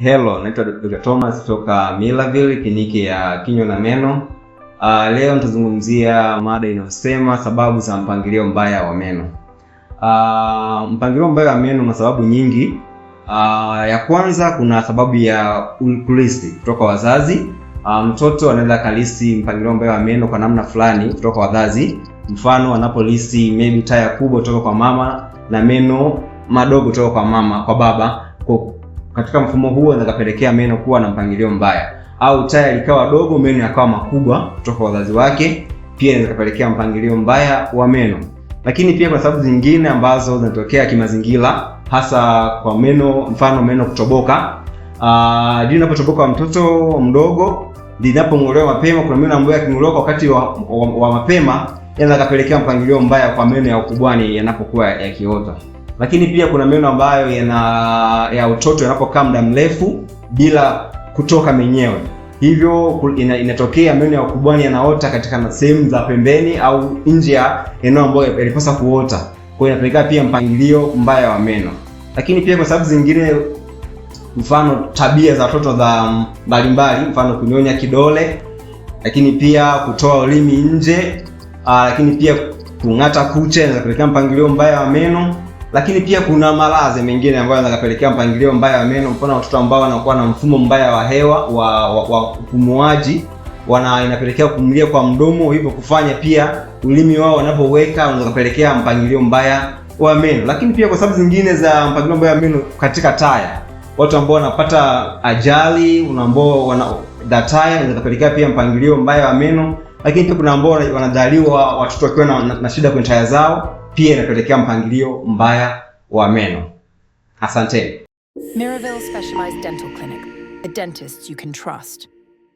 Hello, naitwa Dr. Thomas toka Millaville kliniki ya kinywa na meno. Uh, leo nitazungumzia mada inayosema sababu za mpangilio mbaya wa meno. Uh, mpangilio mbaya wa meno una sababu nyingi. Uh, ya kwanza kuna sababu ya kulisi kutoka wazazi. Uh, mtoto anaweza kalisi mpangilio mbaya wa meno kwa namna fulani kutoka wazazi, mfano anapolisi maybe taya kubwa kutoka kwa mama na meno madogo kutoka kwa mama kwa baba kwa katika mfumo huo inaweza meno kuwa na mpangilio mbaya, au taya likawa dogo meno yakawa makubwa kutoka wazazi wake, pia inaweza mpangilio mbaya wa meno. Lakini pia kwa sababu zingine ambazo zinatokea kimazingira, hasa kwa meno, mfano meno kutoboka. jino ah, linapotoboka mtoto mdogo linapong'olewa mapema, kuna meno ambayo yaking'olewa wakati wa, wa, wa mapema yanaweza kupelekea mpangilio mbaya kwa meno ya ukubwani yanapokuwa yakiota. Lakini pia kuna meno ambayo yana ya utoto yanapokaa muda mrefu bila kutoka menyewe, hivyo ina, inatokea meno ya ukubwani yanaota katika sehemu za pembeni au nje ya eneo ambayo yalipasa kuota, kwa inapelekea pia mpangilio mbaya wa meno. Lakini pia kwa sababu zingine, mfano tabia za watoto za mbalimbali, mfano kunyonya kidole, lakini pia kutoa ulimi nje, ah, lakini pia kung'ata kucha, inaweza mpangilio mbaya wa meno lakini pia kuna maradhi mengine ambayo yanapelekea mpangilio mbaya wa meno, mfano watoto ambao wanakuwa na mfumo mbaya wa hewa wa, wa, wa wana inapelekea kumlia kwa mdomo, hivyo kufanya pia ulimi wao wanapoweka unaweza kupelekea mpangilio mbaya wa meno. Lakini pia kwa sababu zingine za mpangilio mbaya wa meno katika taya, watu ambao wanapata ajali, ambao wana dataya inaweza kupelekea pia mpangilio mbaya wa meno. Lakini pia kuna ambao wanadaliwa watoto wakiwa na, na, na shida kwenye taya zao pia inapelekea mpangilio mbaya wa meno. Asanteni. Miraville specialized dental clinic. A dentist you can trust.